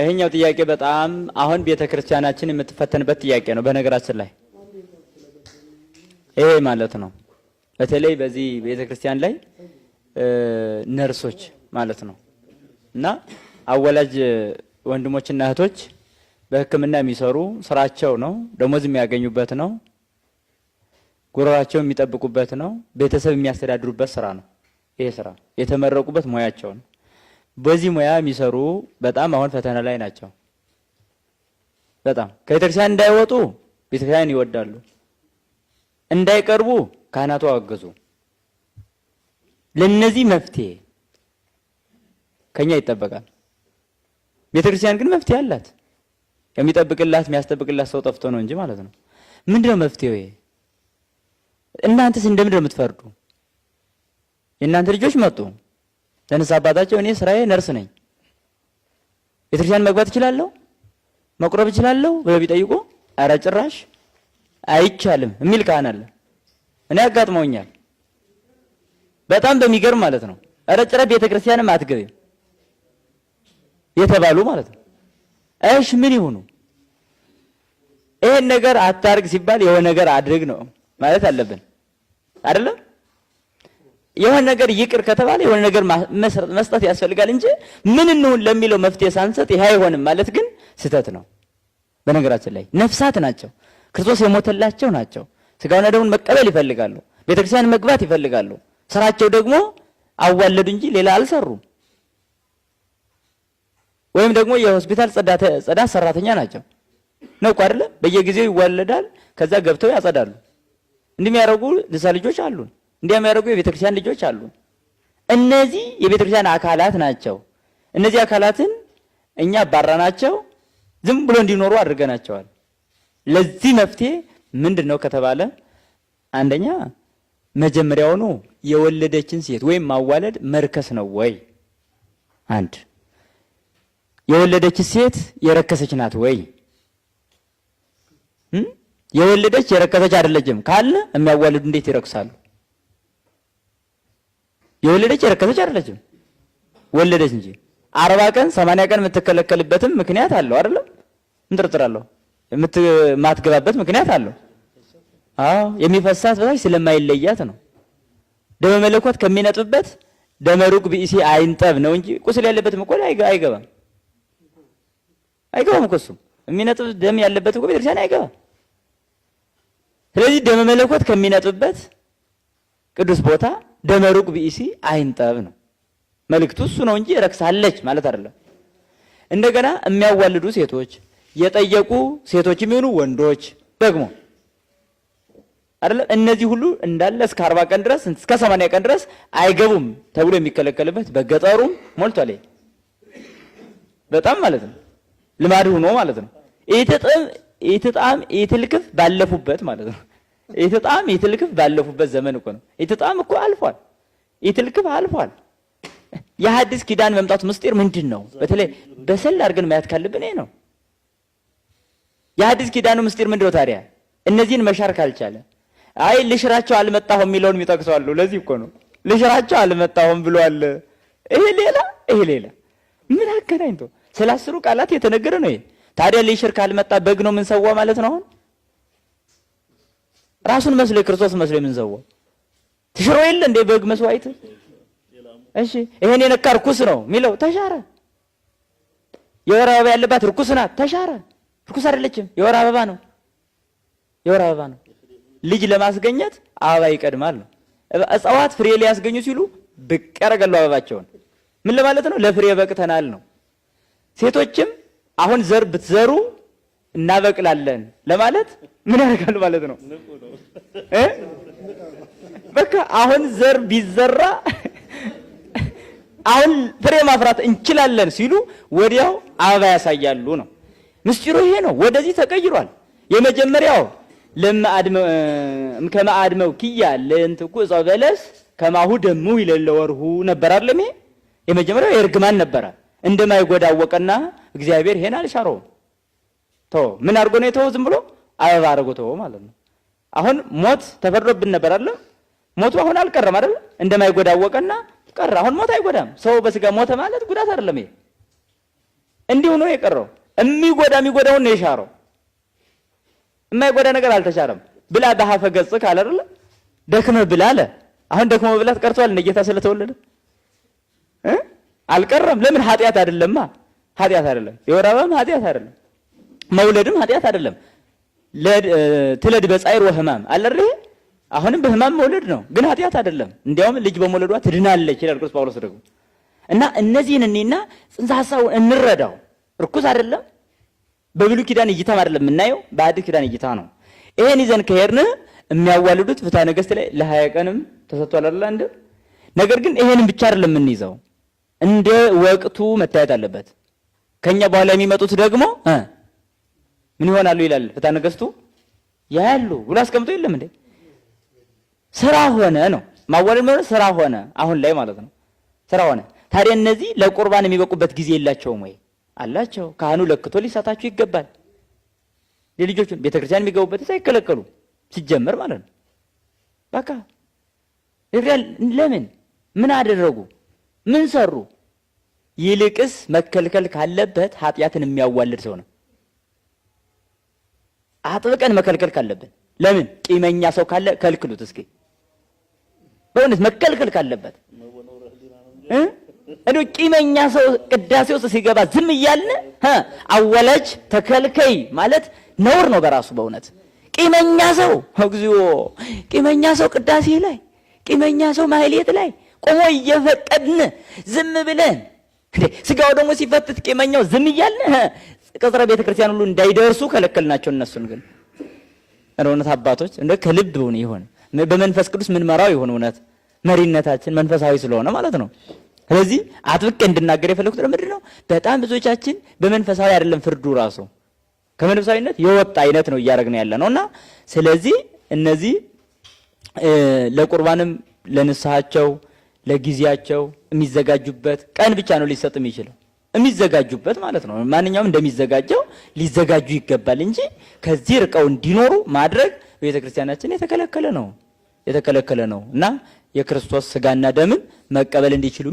ይህኛው ጥያቄ በጣም አሁን ቤተ ክርስቲያናችን የምትፈተንበት ጥያቄ ነው። በነገራችን ላይ ይሄ ማለት ነው በተለይ በዚህ ቤተ ክርስቲያን ላይ ነርሶች ማለት ነው እና አወላጅ ወንድሞችና እህቶች በሕክምና የሚሰሩ ስራቸው ነው፣ ደሞዝ የሚያገኙበት ነው፣ ጉሮራቸው የሚጠብቁበት ነው፣ ቤተሰብ የሚያስተዳድሩበት ስራ ነው። ይሄ ስራ የተመረቁበት ሙያቸው ነው። በዚህ ሙያ የሚሰሩ በጣም አሁን ፈተና ላይ ናቸው። በጣም ከቤተክርስቲያን እንዳይወጡ ቤተክርስቲያን ይወዳሉ፣ እንዳይቀርቡ ካህናቱ አወገዙ። ለነዚህ መፍትሄ ከኛ ይጠበቃል። ቤተክርስቲያን ግን መፍትሄ አላት። የሚጠብቅላት የሚያስጠብቅላት ሰው ጠፍቶ ነው እንጂ ማለት ነው። ምንድነው መፍትሄው? እናንተስ እንደምንድነው የምትፈርዱ? የእናንተ ልጆች መጡ ለንስ አባታቸው እኔ ስራዬ ነርስ ነኝ፣ ቤተክርስቲያን መግባት እችላለሁ፣ መቁረብ እችላለሁ ብለው ቢጠይቁ አረ ጭራሽ አይቻልም የሚል ካህን አለ። እኔ አጋጥመውኛል። በጣም በሚገርም ማለት ነው። አረ ጭራሽ ቤተክርስቲያንም አትገቢም የተባሉ ማለት ነው። እሽ ምን ይሁኑ? ይሄን ነገር አታርግ ሲባል የሆነ ነገር አድርግ ነው ማለት አለብን አይደለም? የሆነ ነገር ይቅር ከተባለ የሆነ ነገር መስጠት ያስፈልጋል እንጂ ምን እንሁን ለሚለው መፍትሄ ሳንሰጥ ይሄ አይሆንም ማለት ግን ስህተት ነው። በነገራችን ላይ ነፍሳት ናቸው፣ ክርስቶስ የሞተላቸው ናቸው። ስጋውና ደሙን መቀበል ይፈልጋሉ፣ ቤተክርስቲያን መግባት ይፈልጋሉ። ስራቸው ደግሞ አዋለዱ እንጂ ሌላ አልሰሩም። ወይም ደግሞ የሆስፒታል ጽዳት ሰራተኛ ናቸው ነው እኮ አይደለም። በየጊዜው ይዋለዳል፣ ከዛ ገብተው ያጸዳሉ። እንዲህ የሚያደርጉ ንሳ ልጆች አሉን። እንዲያሚያደርጉ የቤተክርስቲያን ልጆች አሉ። እነዚህ የቤተክርስቲያን አካላት ናቸው። እነዚህ አካላትን እኛ ባራናቸው፣ ዝም ብሎ እንዲኖሩ አድርገናቸዋል። ለዚህ መፍትሄ ምንድን ነው ከተባለ አንደኛ መጀመሪያውኑ የወለደችን ሴት ወይም ማዋለድ መርከስ ነው ወይ? አንድ የወለደች ሴት የረከሰች ናት ወይ? የወለደች የረከሰች አይደለችም ካለ የሚያዋልዱ እንዴት ይረክሳሉ? የወለደች የረከሰች አይደለችም፣ ወለደች እንጂ አርባ ቀን ሰማንያ ቀን የምትከለከልበትም ምክንያት አለው አይደለም? እንጥርጥራለሁ የማትገባበት ምክንያት አለው። አዎ የሚፈሳት በታች ስለማይለያት ነው። ደመ መለኮት ከሚነጥብበት ደመሩቅ ብእሲ አይንጠብ ነው እንጂ ቁስል ያለበትም እኮ አይገባም አይገባም እኮ የሚነጥብ ደም ያለበት እኮ ቤተክርስቲያን አይገባም። ስለዚህ ደመ መለኮት ከሚነጥብበት ቅዱስ ቦታ ደመሩቅ ብእሲ አይንጠብ ነው መልእክቱ። እሱ ነው እንጂ ረክሳለች ማለት አይደለም። እንደገና የሚያዋልዱ ሴቶች የጠየቁ ሴቶች የሚሆኑ ወንዶች ደግሞ አይደለም። እነዚህ ሁሉ እንዳለ እስከ አርባ ቀን ድረስ እስከ ሰማንያ ቀን ድረስ አይገቡም ተብሎ የሚከለከልበት በገጠሩም ሞልቷል። በጣም ማለት ነው ልማድ ሆኖ ማለት ነው ኢትጣም ኢትልክፍ ባለፉበት ማለት ነው ኢትጣም ኢትልክፍ ባለፉበት ዘመን እኮ ነው። ኢትጣም እኮ አልፏል፣ ኢትልክፍ አልፏል። የሐዲስ ኪዳን መምጣቱ ምስጢር ምንድን ነው? በተለይ በሰል አድርገን ማየት ካለብን ነው። የሐዲስ ኪዳኑ ምስጢር ምንድን ነው ታዲያ? እነዚህን መሻር ካልቻለ አይ ልሽራቸው አልመጣሁም የሚለውን የሚጠቅሰዋሉ። ለዚህ እኮ ነው ልሽራቸው አልመጣሁም ብሏል። ይሄ ሌላ ይሄ ሌላ ምን አገናኝቶ? ስለ አስሩ ቃላት የተነገረ ነው ይሄ። ታዲያ ልሽር ካልመጣ በግ ነው ምንሰዋ ማለት ነው አሁን ራሱን መስሎ ክርስቶስ መስሎ የምንሰዋው ትሽሮ የለ እንደ በግ መስዋዕት። እሺ ይሄን የነካ ርኩስ ነው የሚለው ተሻረ። የወር አበባ ያለባት እርኩስ ናት ተሻረ። ርኩስ አይደለችም፣ የወር አበባ ነው። የወር አበባ ነው። ልጅ ለማስገኘት አበባ ይቀድማል ነው። እጽዋት ፍሬ ሊያስገኙ ሲሉ ብቅ ያደርጋሉ አበባቸውን። ምን ለማለት ነው? ለፍሬ በቅተናል ነው። ሴቶችም አሁን ዘር ብትዘሩ እናበቅላለን ለማለት ምን ያደርጋሉ ማለት ነው። በቃ አሁን ዘር ቢዘራ አሁን ፍሬ ማፍራት እንችላለን ሲሉ ወዲያው አበባ ያሳያሉ ነው ምስጢሩ። ይሄ ነው ወደዚህ ተቀይሯል። የመጀመሪያው ከማአድመው ክያ ለእንትኩ እፀ በለስ ከማሁ ደሙ ይለለ ወርሁ ነበር አለም። ይሄ የመጀመሪያው የእርግማን ነበረ እንደማይጎዳ አወቀና እግዚአብሔር ይሄን አልሻረውም። ተወ። ምን አድርጎ ነው የተወው? ዝም ብሎ አበባ አድርጎ ተወ ማለት ነው። አሁን ሞት ተፈርዶብን ነበር አለ። ሞቱ አሁን አልቀረም አይደል? እንደማይጎዳ አወቀና ቀረ። አሁን ሞት አይጎዳም። ሰው በስጋ ሞተ ማለት ጉዳት አይደለም። ይሄ እንዲሁ ነው የቀረው። የሚጎዳ የሚጎዳውን ነው የሻረው። የማይጎዳ ነገር አልተሻረም። ብላ በሀፈ ገጽ ካለ አይደል? ደክመ ብላ አለ። አሁን ደክሞ ብላት ቀርቷል? እነ ጌታ ስለተወለደ አልቀረም። ለምን ኃጢአት አይደለማ። ኃጢአት አይደለም። የወር አበባም ኃጢአት አይደለም። መውለድም ኃጢአት አይደለም። ትለድ በጻይር ወህማም አለርህ አሁንም በህማም መውለድ ነው፣ ግን ኃጢአት አይደለም። እንዲያውም ልጅ በመውለዷ ትድናለች ይላል ቅዱስ ጳውሎስ ደግሞ እና እነዚህን እኔና ጽንሰ ሐሳቡን እንረዳው። እርኩስ አይደለም። በብሉይ ኪዳን እይታም አይደለም የምናየው፣ በአዲስ ኪዳን እይታ ነው። ይሄን ይዘን ከሄድን የሚያዋልዱት ፍትሐ ነገሥት ላይ ለሀያ ቀንም ተሰጥቷል አይደል? አንድ ነገር ግን ይሄንን ብቻ አይደለም የምንይዘው፣ እንደ ወቅቱ መታየት አለበት። ከኛ በኋላ የሚመጡት ደግሞ ምን ይሆናሉ ይላል ፍትሐ ነገሥቱ። ያያሉ ብሎ አስቀምጦ የለም እንዴ ስራ ሆነ ነው ማዋለድ ማለት ስራ ሆነ፣ አሁን ላይ ማለት ነው ስራ ሆነ። ታዲያ እነዚህ ለቁርባን የሚበቁበት ጊዜ የላቸውም ወይ? አላቸው። ካህኑ ለክቶ ሊሳታቸው ይገባል። የልጆቹን ቤተክርስቲያን የሚገቡበት ሳይከለከሉ ሲጀመር ማለት ነው። በቃ ለምን ምን አደረጉ? ምን ሰሩ? ይልቅስ መከልከል ካለበት ኃጢአትን የሚያዋልድ ሰው ነው። አጥብቀን መከልከል ካለብን ለምን ቂመኛ ሰው ካለ ከልክሉት እስኪ በእውነት መከልከል ካለበት እንዶ ቂመኛ ሰው ቅዳሴ ውስጥ ሲገባ ዝም እያልን አወለች ተከልከይ ማለት ነውር ነው በራሱ በእውነት ቂመኛ ሰው እግዚኦ ቂመኛ ሰው ቅዳሴ ላይ ቂመኛ ሰው ማህሌት ላይ ቆሞ እየፈቀድን ዝም ብለን ስጋው ደግሞ ሲፈትት ቂመኛው ዝም እያልን ቅጥረ ቤተ ክርስቲያን ሁሉ እንዳይደርሱ ከለከልናቸው። እነሱን ግን እውነት አባቶች እንደ ከልብ ሆነ ይሆን በመንፈስ ቅዱስ ምን መራው ይሆን እውነት መሪነታችን መንፈሳዊ ስለሆነ ማለት ነው። ስለዚህ አጥብቄ እንድናገር የፈለኩት ምንድን ነው፣ በጣም ብዙዎቻችን በመንፈሳዊ አይደለም ፍርዱ ራሱ ከመንፈሳዊነት የወጣ አይነት ነው እያደረግን ያለ ነው እና ስለዚህ እነዚህ ለቁርባንም ለንስሐቸው ለጊዜያቸው የሚዘጋጁበት ቀን ብቻ ነው ሊሰጥ የሚችለው። የሚዘጋጁበት ማለት ነው። ማንኛውም እንደሚዘጋጀው ሊዘጋጁ ይገባል እንጂ ከዚህ ርቀው እንዲኖሩ ማድረግ ቤተ ክርስቲያናችን የተከለከለ ነው የተከለከለ ነው እና የክርስቶስ ስጋና ደምን መቀበል እንዲችሉ